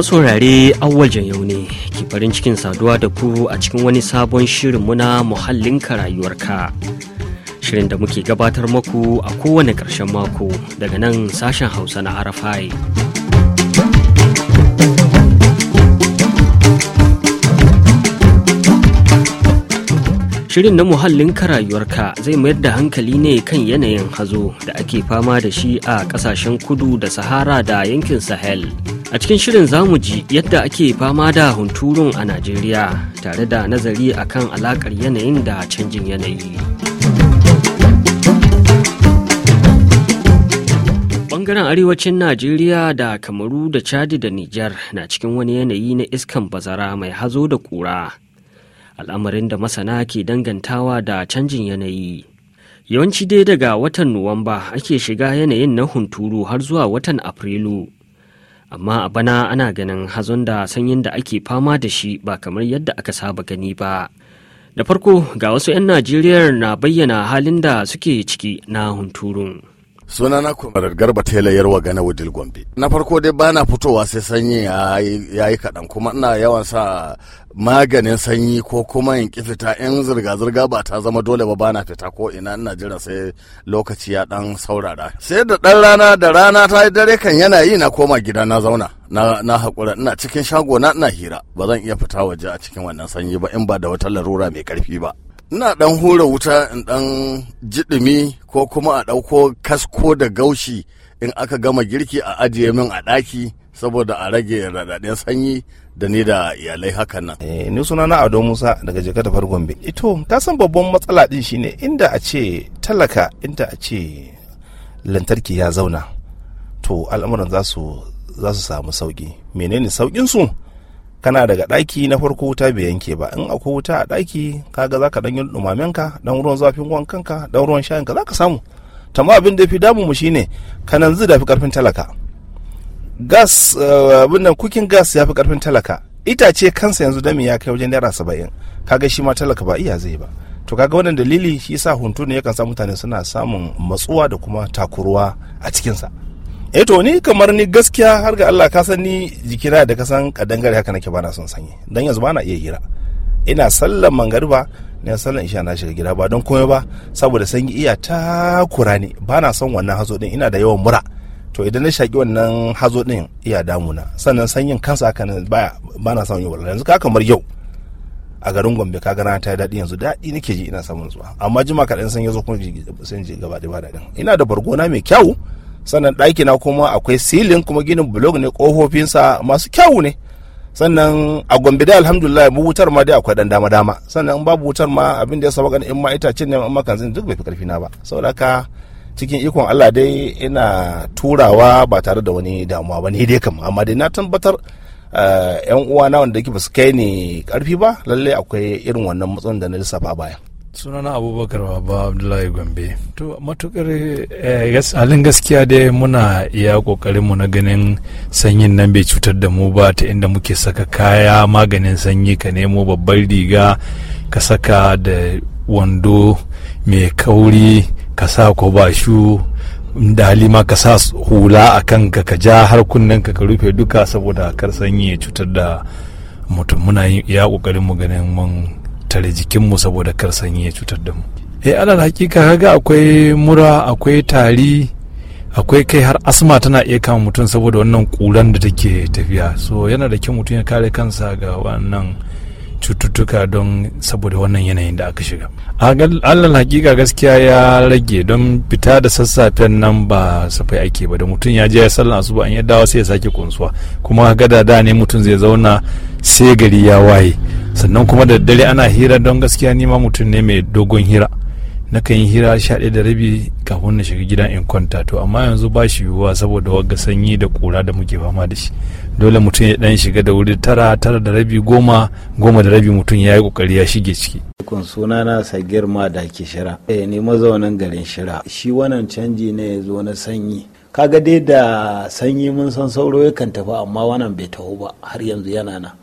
masu wurare awwajen yau ne ke farin cikin saduwa da ku a cikin wani sabon shirin muna muhallinka rayuwarka shirin da muke gabatar maku a kowane ƙarshen mako daga nan sashen hausa na arafai Shirin na muhallin rayuwarka zai mayar da hankali ne kan yanayin hazo da ake fama da shi a ƙasashen kudu da Sahara da yankin Sahel. A cikin shirin zamu ji yadda ake fama da hunturun a Najeriya tare da nazari akan alakar yanayin da canjin yanayi. Bangaren arewacin Najeriya da Kamaru da Chadi da Nijar na cikin wani yanayi na iskan bazara mai hazo da kura. Al'amarin da masana ke dangantawa da canjin yanayi. Yawanci dai daga watan Nuwamba ake shiga yanayin na hunturu har zuwa watan Afrilu. amma a bana ana ganin hazon da sanyin da ake fama da shi ba kamar yadda aka saba gani ba da farko ga wasu 'yan najeriya na bayyana halin da suke ciki na hunturun suna sunana kwamarar garba tela yarwa gana wudil gombe na farko dai ba na fitowa sai sanyi ya yi kaɗan kuma ina yawan sa maganin sanyi ko kuma in ƙi fita in zirga-zirga ba ta zama dole ba bana fita ko ina ina jira sai lokaci ya ɗan saurara sai da ɗan rana da rana ta yi dare kan yana yi na koma gida na zauna na na haƙura ina cikin shago na ina hira ba zan iya fita waje a cikin wannan sanyi ba in ba da wata larura mai ƙarfi ba ina dan hura wuta in dan jiɗimi ko kuma a ɗauko kasko da gaushi in aka gama girki a ajiye min a ɗaki saboda a rage raɗaɗen sanyi da ni da iyalai hakan nan. Eh, ni suna na Ado Musa daga Jeka da Gombe. Ito, ka san babban matsala din shine inda a ce talaka inda a ce lantarki ya zauna. To al'amuran za su samu sauki. Menene saukin su? kana daga ɗaki na farko wuta bai yanke ba in akwai wuta a ɗaki kaga zaka dan yi dumamen ka dan ruwan zafin wankan ka dan ruwan shayin ka zaka samu tamma abin da fi damu mu shine kanan zu da fi karfin talaka gas eh, abin nan cooking gas ya fi karfin talaka itace kansa yanzu dami ya kai wajen naira saba'in kaga shi ma talaka ba iya zai ba to kaga wannan dalili shi yasa huntu ne yakan sa mutane suna samun matsuwa da kuma takuruwa a cikinsa. e to ni kamar ni gaskiya har ga Allah ka san ni jikina da ka san kadangare haka nake bana son sanyi dan yanzu bana iya hira ina sallan mangariba ne sallan isha na shiga gida ba don komai ba saboda sanyi iya takura ne bana son wannan hazo din ina da yawan mura to idan na shaki wannan hazo din iya damuna sannan sanyin kansa haka nan baya bana son yau yanzu ka kamar yau a garin Gombe ka gana ta daɗi yanzu daɗi nake ji ina samun zuwa amma jima kaɗan san yazo kuma sun ji gaba da ba daɗin ina da bargona mai kyau sannan ɗaki na kuma akwai silin kuma ginin blog ne ƙofofinsa masu kyau ne sannan a gombe da alhamdulillah mu wutar ma dai akwai dan dama dama sannan in babu wutar ma abin da ya saba in ma itacen ne in ma kanzin duk bai fi karfi na ba saboda cikin ikon Allah dai ina turawa ba tare da wani damuwa ba ni dai kam amma dai na tabbatar yan eh, uwa na wanda ke ba su kai ni karfi ba lallai akwai irin wannan matsalolin da na lissafa baya sunana abubakar baba abdullahi gombe to matukar eh, halin gaskiya dai muna iya mu na ganin sanyin nan bai cutar da mu ba ta inda muke saka kaya maganin sanyi ka nemo babbar riga ka saka da wando mai kauri ka sa ko ba shu da halima ka sa hula a kanka ka ja har kunnenka ka rufe duka saboda kar sanyi ya cutar da mutum muna iya kokarin mu ganin mun tattare jikinmu saboda kar sanyi ya cutar da mu eh alal hakika kaga akwai mura akwai tari akwai kai har asma tana iya kama mutum saboda wannan kuran da take tafiya so yana da kyau mutum ya kare kansa ga wannan cututtuka don saboda wannan yanayin da aka shiga alal hakika gaskiya ya rage don fita da sassafen nan ba safai ake ba da mutum ya je ya sallan asuba an ya dawo sai ya sake kunsuwa kuma ga da ne mutum zai zauna sai gari ya waye sannan kuma da dare ana hira don gaskiya nima mutum ne mai dogon hira na kan yi hira sha ɗaya da rabi kafin na shiga gidan in kwanta to amma yanzu ba shi yiwuwa saboda wagga sanyi da kura da muke fama da shi dole mutum ya dan shiga da wuri tara tara da rabi goma goma da rabi mutum ya yi kokari ya shige ciki. kun suna na sa girma da ke shira eh ni mazaunin garin shira shi wannan canji ne ya zo na sanyi kaga dai da sanyi mun san sauro yakan tafi amma wannan bai taho ba har yanzu yana nan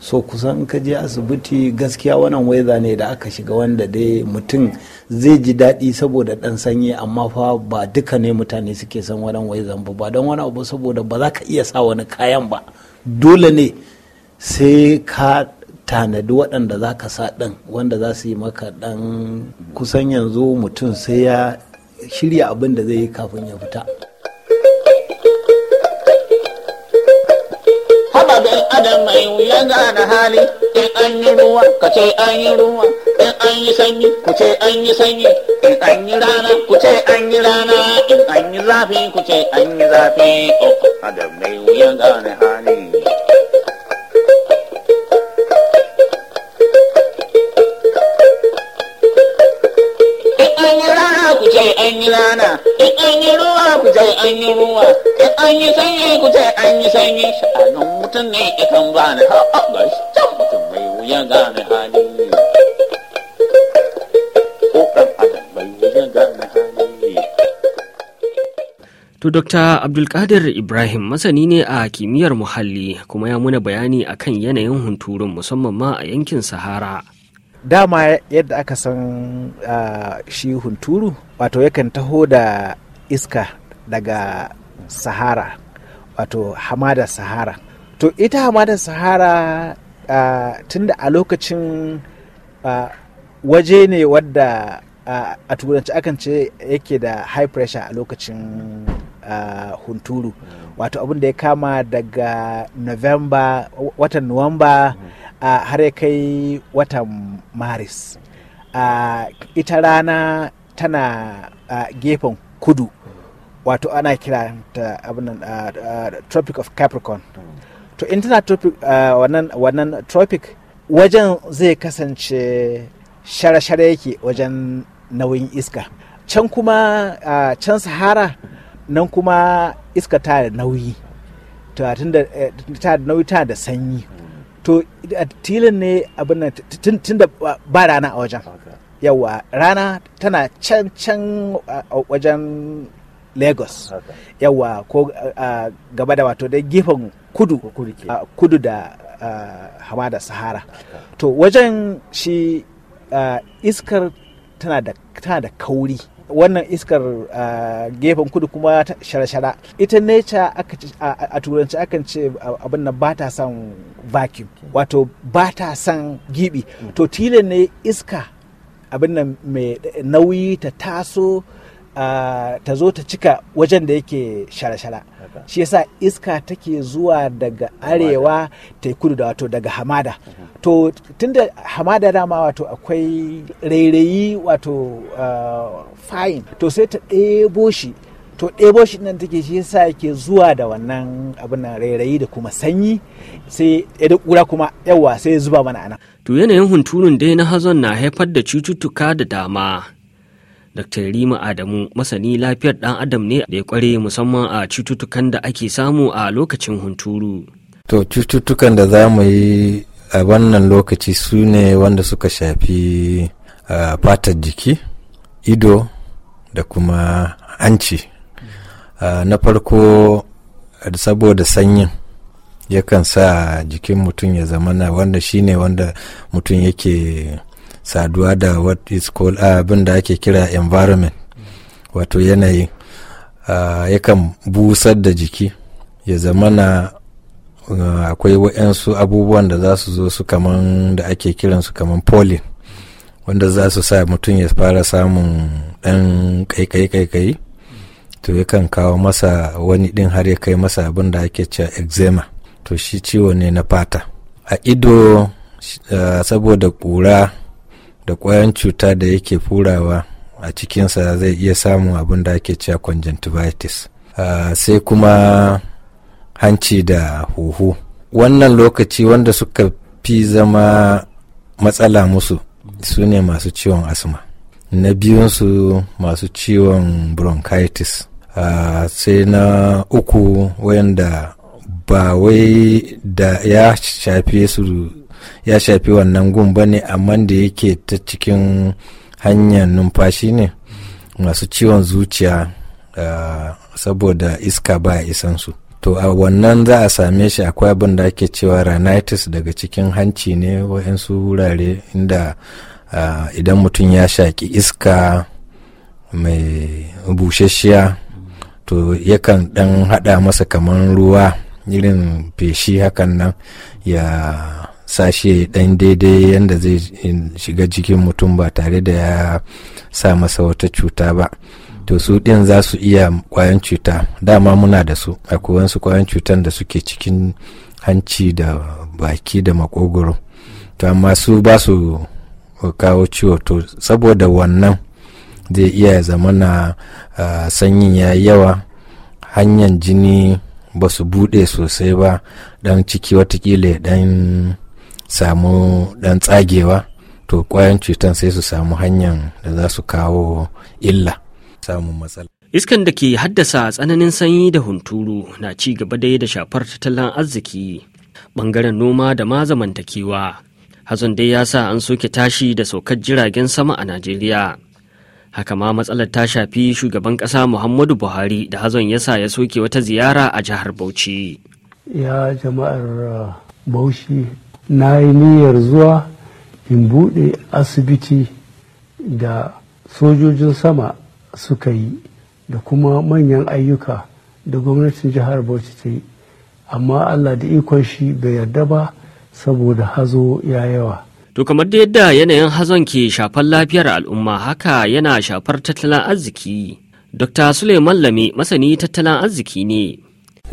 so kusan ka je asibiti gaskiya wannan waiza ne da aka shiga wanda dai mutum zai ji daɗi saboda ɗan sanyi amma fa ba duka ne mutane suke san wannan waizan ba ba don wani abu saboda ba za ka iya sa wani kayan ba dole ne sai ka tanadi waɗanda za ka sa ɗan wanda za su yi maka ɗan kusan yanzu mutum sai ya shirya abin da zai yi kafin ya fita da mai wuya gane hali in an yi ruwa ka ce an yi ruwa in an yi sanyi ku ce an yi sanyi in an yi rana ku ce an yi rana in an yi zafi ku ce an yi zafi oh adam mai wuya gane hali ku ce an yi rana in an yi ruwa ku ce an yi ruwa in an yi sanyi ku ce an yi sanyi sha'anin mutum ne ikan ni ha ga shi can mutum mai wuya gane hali ko wuya gane hali To Dr. Abdulkadir Ibrahim masani ne a kimiyyar muhalli kuma ya muna bayani akan yanayin hunturun musamman ma a yankin Sahara. Dama yadda aka san shi hunturu wato yakan taho da iska daga Sahara wato hamada Sahara to ita hamadar sahara uh, tunda a lokacin uh, waje ne wadda uh, a turanci akan ce yake da high pressure a lokacin uh, hunturu mm wato abin da ya kama daga november watan nuwamba mm uh, har ya kai watan maris uh, ita rana tana uh, gefen kudu wato ana kiranta abin uh, uh, tropic of capricorn mm to in tana tropic uh, wannan wannan tropic wajen zai kasance share-share yake wajen nauyin iska can kuma uh, can sahara nan kuma iska ta da nauyi eh, ta da nauyi ta da sanyi to tilin ne abin tun da ba rana a wajen yawa rana tana can can uh, wajen lagos yawa ko gaba da wato dai gefen kudu kudu da hamada sahara to wajen shi iskar tana da kauri wannan iskar gefen kudu kuma shara-shara ita nature a turanci akan ce abin nan ba ta son vacuum wato ba ta son gibi mm. to tilin ne iska abin nan mai nauyi ta taso ta zo ta cika wajen da yake shara-shara shi yasa iska take zuwa daga arewa ta kudu da wato daga hamada mhm. to tunda hamada dama wato akwai rairayi wato fayin to sai ta ɗebo shi to ɗebo shi nan take shi yasa yake zuwa da wannan abin rairayi da kuma sanyi sai ya kura kuma yawa sai ya zuba mana anan to yanayin hunturun dai na hazon na haifar da cututtuka da dama Dr. Rima Adamu masani lafiyar ɗan adam ne da ya kware musamman a cututtukan da ake samu a lokacin hunturu. To cututtukan da za mu yi a wannan lokaci su ne wanda suka shafi fatar jiki, ido da kuma hanci. Na farko saboda sanyin yakan sa jikin mutum ya zamana wanda shine wanda mutum yake saduwa da what is called ah, abin da ake kira environment wato yanayi ah, yakan busar da jiki ya zama na ah, akwai waɗansu abubuwan da za su zo su kaman da ake kiransu kaman pollen wanda za su sa mutum ya fara samun ɗan kai-kai-kai to yakan kawo masa wani ɗin har ya kai masa abin da ake cewa eczema to shi ciwo ne na fata a ido saboda ƙura da ƙwayan cuta da yake furawa a cikinsa zai iya samun abin da ake cewa conjunctivitis ah, sai kuma hanci da huhu wannan lokaci wanda suka fi zama matsala musu su ne masu ciwon asma na biyunsu masu ciwon bronchitis ah, sai na uku da ba wai da ya shafe su ya shafi wannan gun ba ne amma da yake ta cikin hanyar numfashi ne masu ciwon zuciya ah, saboda iska ba isan su to a wannan za a same shi akwai abin da ake cewa rhinitis daga cikin hanci ne wa'yansu wurare inda ah, idan mutum ya shaƙi iska mai busasshiya to yakan ɗan haɗa masa kamar ruwa irin feshi hakan nan ya sashe ɗan daidai yadda zai shiga jikin mutum ba tare da ya sa masa wata cuta ba to su ɗin za su iya kwayan cuta dama muna da su akwai su kwayan cutan da suke cikin hanci da baki da makogoro to amma su ba su kawo ciwo to saboda wannan zai iya zama na sanyin ya yawa hanyar jini ba su buɗe sosai ba dan ciki watakila dan samu dan tsagewa to kwayan cutan sai su samu hanyar da za su kawo illa samun matsala iskan da ke haddasa tsananin sanyi da hunturu na ci gaba dai da shafar tattalin arziki bangaren noma da ma zamantakewa hazon dai ya sa an soke tashi da saukar jiragen sama a najeriya haka ma matsalar ta shafi shugaban kasa muhammadu buhari da hazon ya sa ya soke wata ziyara a jihar bauchi ya jama'ar uh, bauchi na yi niyyar zuwa in buɗe asibiti da sojojin sama suka yi da kuma manyan ayyuka da gwamnatin jihar bauchi ta yi amma allah da ikon shi bai yarda ba saboda hazo ya yawa To kamar da yadda yanayin hazon ke shafar lafiyar al'umma haka yana shafar tattalin arziki. Dr. Suleiman Lami masani tattalin arziki ne.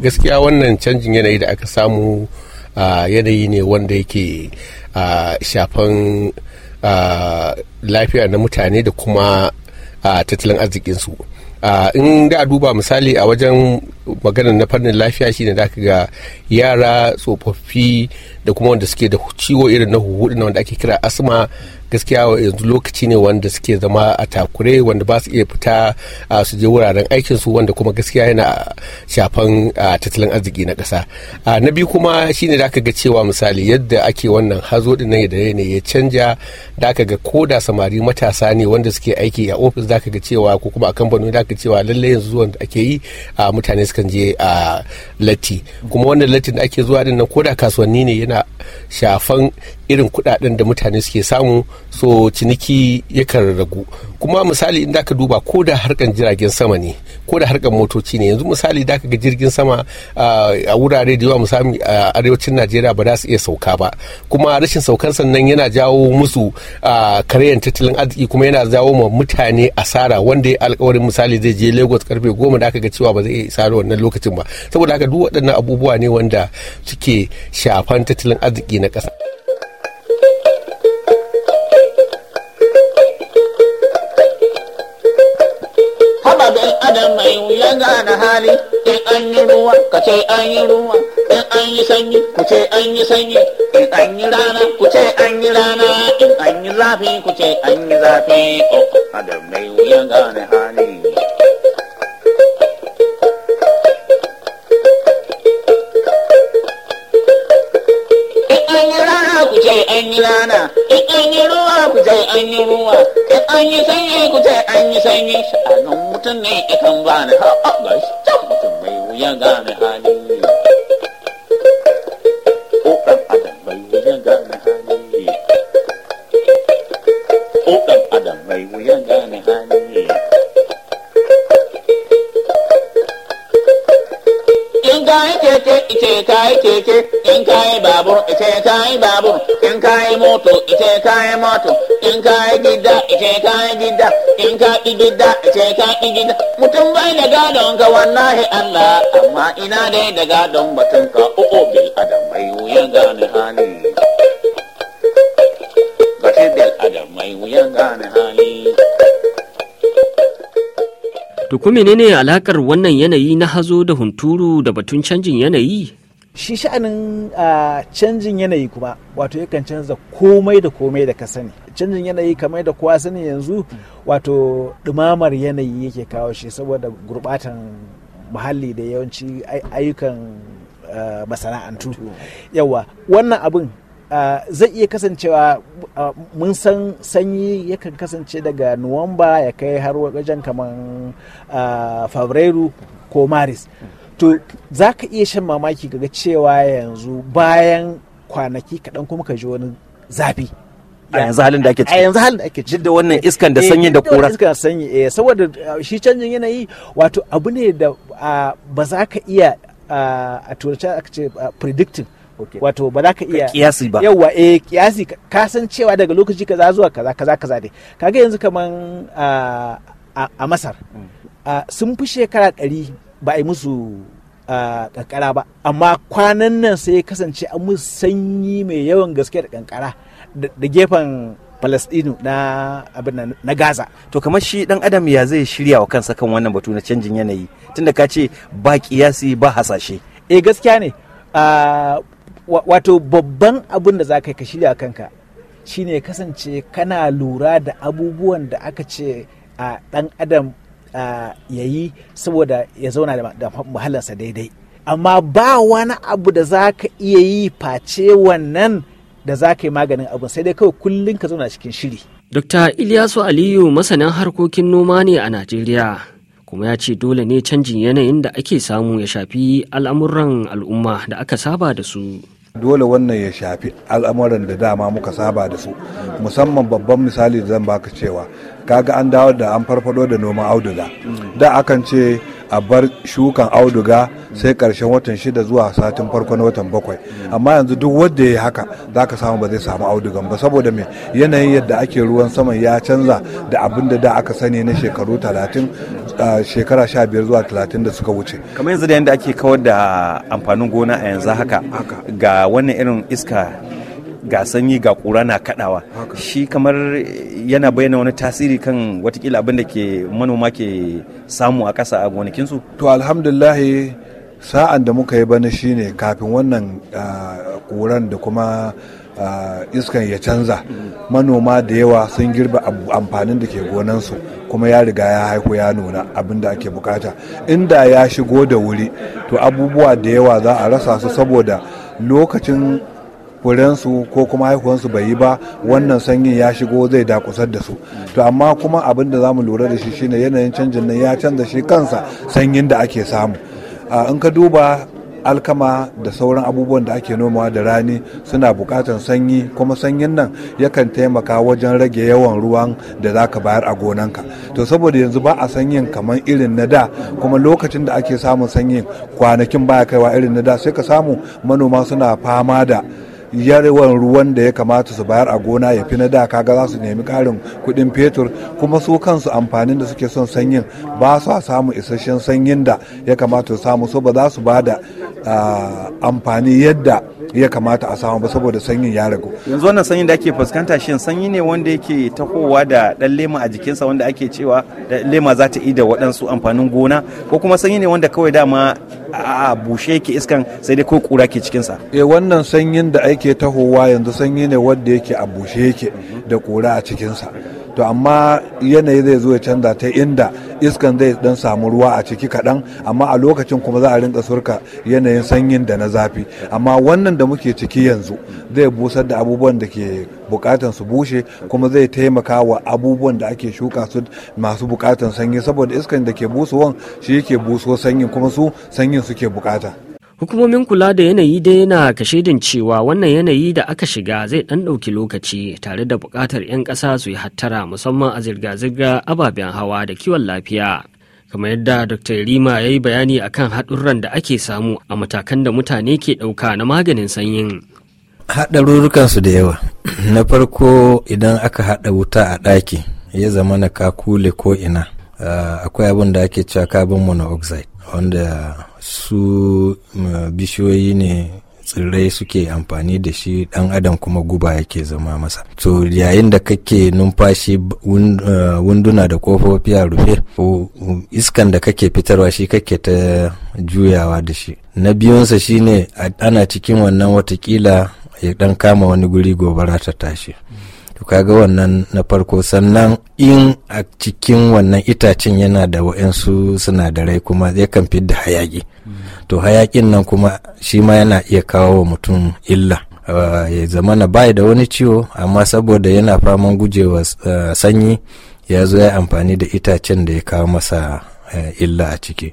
Gaskiya wannan canjin yanayi da aka samu yanayi ne wanda yake shafan lafiya na mutane da kuma tattalin arzikinsu in da duba misali a wajen maganar na fannin lafiya shine da ga yara tsofaffi da kuma wanda suke da ciwo irin na huhu na wanda ake kira asma gaskiya yanzu lokaci ne wanda suke zama a takure wanda ba su iya fita su je wuraren aikin su wanda kuma gaskiya yana shafan tattalin arziki na ƙasa na biyu kuma shine da aka ga cewa misali yadda ake wannan hazo din da ne ya canja da aka ga koda samari matasa ne wanda suke aiki a ofis da aka ga cewa ko kuma a kamfani da aka cewa lallai yanzu zuwan da ake yi mutane sukan je a latti kuma wannan latti da ake zuwa din nan koda kasuwanni ne yana shafan irin kudaden da mutane suke samu so ciniki yakan ragu kuma misali in ka duba ko da harkan jiragen sama ne ko da harkan motoci ne yanzu misali da ga jirgin sama a wurare da yawa misali a arewacin najeriya ba za su iya sauka ba kuma rashin saukan sannan yana jawo musu karayan tattalin arziki kuma yana jawo ma mutane asara wanda ya alkawarin misali zai je lagos karfe goma da aka ga cewa ba zai iya isa wannan lokacin ba saboda haka duk waɗannan abubuwa ne wanda suke shafan tattalin arziki na ƙasa hali in an yi ruwa ka ce an yi ruwa in an yi sanyi ku ce an yi sanyi in an yi rana ku ce an yi rana in an yi zafi ku ce an yi zafi mai wuyan gane hali yi in an yi ruwa ku an yi ruwa, in an yi sanyi ku ce an yi sanyi, sha'anin mutum ne ikan bani ha'a gashi. wuyan gane hali ko ɗan keke ice keke in ka babur ice kayi babur in moto moto in kayi gida ce ka gida in ka gida ce ka gida mutum bai da gadon ka wallahi Allah amma ina dai da gadon batun ka o'o bil adam mai wuyan gane hali gashi bil adam mai wuyan gane hali To kuma menene alakar wannan yanayi na hazo da hunturu da batun canjin yanayi? shi sha'anin canjin yanayi kuma wato yakan canza komai da komai da ka sani canjin yanayi kamar da kowa sani yanzu wato dumamar yanayi yake kawo shi saboda gurbatan muhalli da yawanci ayyukan masana'antu yawa wannan abin zai iya kasancewa mun san sanyi yakan kasance daga nuwamba ya kai har wajen kamar fabrairu ko maris to za ka iya shan mamaki ga cewa yanzu bayan kwanaki kaɗan kuma ka ji wani zafi a yanzu halin da ake ciki a yanzu halin da ake ciki da wannan iskan da eh, sanyi da kura iskan da sanyi eh saboda uh, shi canjin yanayi wato abu ne da uh, ba za ka iya uh, a turanci aka ce predicting wato ba za ka iya kiyasi ba yawa eh kiyasi ka san cewa daga lokaci kaza zuwa kaza kaza kaza dai kaga yanzu kaman a Masar mm. sun fi shekara ɗari ba a yi musu a kankara ba amma kwanan nan sai kasance an mu sanyi mai yawan gaske da kankara da gefen palestino na abin na gaza to kamar shi dan adam ya zai shirya wa kansa kan wannan batu na canjin yanayi tunda ka ce ba kiyasi ba hasashe eh gaskiya ne wato babban abin da za ka ka shirya kanka shine kasance kana lura da abubuwan da aka ce a dan adam ya yi saboda ya zauna da muhallarsa daidai amma ba wani abu da za ka iya yi face wannan da za ka yi maganin abu sai dai kawai kullum ka zauna cikin shiri. Dr. Ilyasu Aliyu masanin harkokin noma ne a Najeriya kuma ya ce dole ne canjin yanayin da ake samu ya shafi al'amuran al'umma da aka saba da su. Dole wannan ya shafi al'amuran da dama muka saba da su musamman babban misali da zan baka cewa kaga an dawo da an farfado da noman auduga da akan ce a bar shukan auduga sai karshen watan shida zuwa satin farkon watan bakwai amma yanzu duk wanda ya yi haka za ka samu ba zai samu audugan ba saboda me yanayin yadda ake ruwan saman ya canza da abin da da aka sani na shekaru talatin shekara sha biyar zuwa talatin da suka wuce kamar yanzu da yadda ake kawar da amfanin gona a yanzu haka ga wannan irin iska ga sanyi ga kura na kadawa shi kamar yana bayyana wani tasiri kan watakila abin da ke manoma ke samu a ƙasa a gonakinsu to alhamdulillahi sa'an da muka yi bana shine kafin wannan kuran ah, da kuma ah, iskan ya canza manoma da yawa sun girba amfanin da ke gonansu kuma ya riga ya haiku ya nuna abin da ake bukata inda ya shigo da wuri to abubuwa da yawa za a rasa su saboda lokacin furensu ko kuma haihuwansu bai yi ba wannan sanyin ya shigo zai dakusar da su to amma kuma abin da zamu lura da shi shine yanayin canjin nan ya canza shi kansa sanyin da ake samu in ka duba alkama da sauran abubuwan da ake nomawa da rani suna buƙatar sanyi kuma sanyin nan yakan taimaka wajen rage yawan ruwan da za ka bayar a gonanka to saboda yanzu ba a sanyin kamar irin na da kuma lokacin da ake samun sanyin kwanakin baya kaiwa irin na da sai ka samu manoma suna fama da yawan ruwan da ya kamata su bayar a gona ya fi na da kaga za su nemi karin kuɗin fetur kuma su kansu amfanin da suke son sanyin ba su samu isasshen sanyin da ya kamata su samu so ba za su ba da amfani yadda ya kamata a samu ba saboda sanyin ya ragu yanzu wannan sanyin da ake fuskanta shin sanyi ne wanda yake tahowa da dan lema a jikinsa wanda ake cewa lema za ta yi da waɗansu amfanin gona ko kuma sanyi ne wanda kawai dama a bushe ke iskan sai dai ko kura ke cikinsa eh wannan sanyin da ake tahowa yanzu sanyi ne wanda yake a bushe yake da kura a cikinsa to amma yanayi zai zo ya canza ta inda iskan zai dan samu ruwa a ciki kaɗan amma a lokacin kuma za a rinka surka yanayin sanyin da na zafi amma wannan da muke ciki yanzu zai busar da abubuwan da ke bukatan su bushe kuma zai taimaka wa abubuwan da ake shuka su masu bukatan sanyi saboda iskan da ke busuwan shi yake buso sanyin kuma su sanyin suke bukata Hukumomin kula da yanayi dai yana kashedin cewa wannan yanayi da aka shiga zai ɗanɗauki ɗauki lokaci tare da buƙatar 'yan ƙasa su yi hattara musamman a zirga-zirga ababen hawa da kiwon lafiya. kamar yadda dr rima ya yi bayani a kan haɗurran da ake samu a matakan da mutane ke ɗauka na maganin sanyin haɗarurrukansu da yawa na farko idan aka haɗa wuta a ɗaki ya zama na ka kule ko ina ah, akwai abin da ake cewa carbon monoxide wanda su bishiyoyi ne tsirrai suke amfani da shi dan adam kuma guba yake zama masa to yayin da kake numfashi eh, wunduna da kofofi a rufe iskan da kake fitarwa shi kake ta juyawa da shi na biyunsa shine ana cikin wannan watakila ya dan kama wani guri gobara ta tashi to kaga wannan na farko sannan in a cikin wannan itacen yana da wa'yansu sinadarai kuma yakan fidda hayaki to hayakin nan kuma shi ma yana iya kawo wa mutum illa ah, ya zama na bai da wani ciwo amma saboda yana faman gujewa ah, sanyi ya zo ya amfani da itacen da ya kawo masa eh, illa a ciki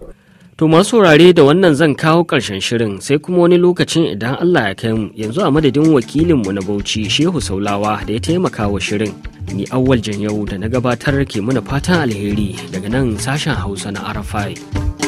To masu saurare da wannan zan kawo ƙarshen shirin sai kuma wani lokacin idan Allah ya kai mu yanzu a madadin wakilinmu na Bauchi Shehu Saulawa da ya taimaka wa shirin. Ni awwal yau da na gabatar ke muna fatan alheri daga nan sashen Hausa na Arafai.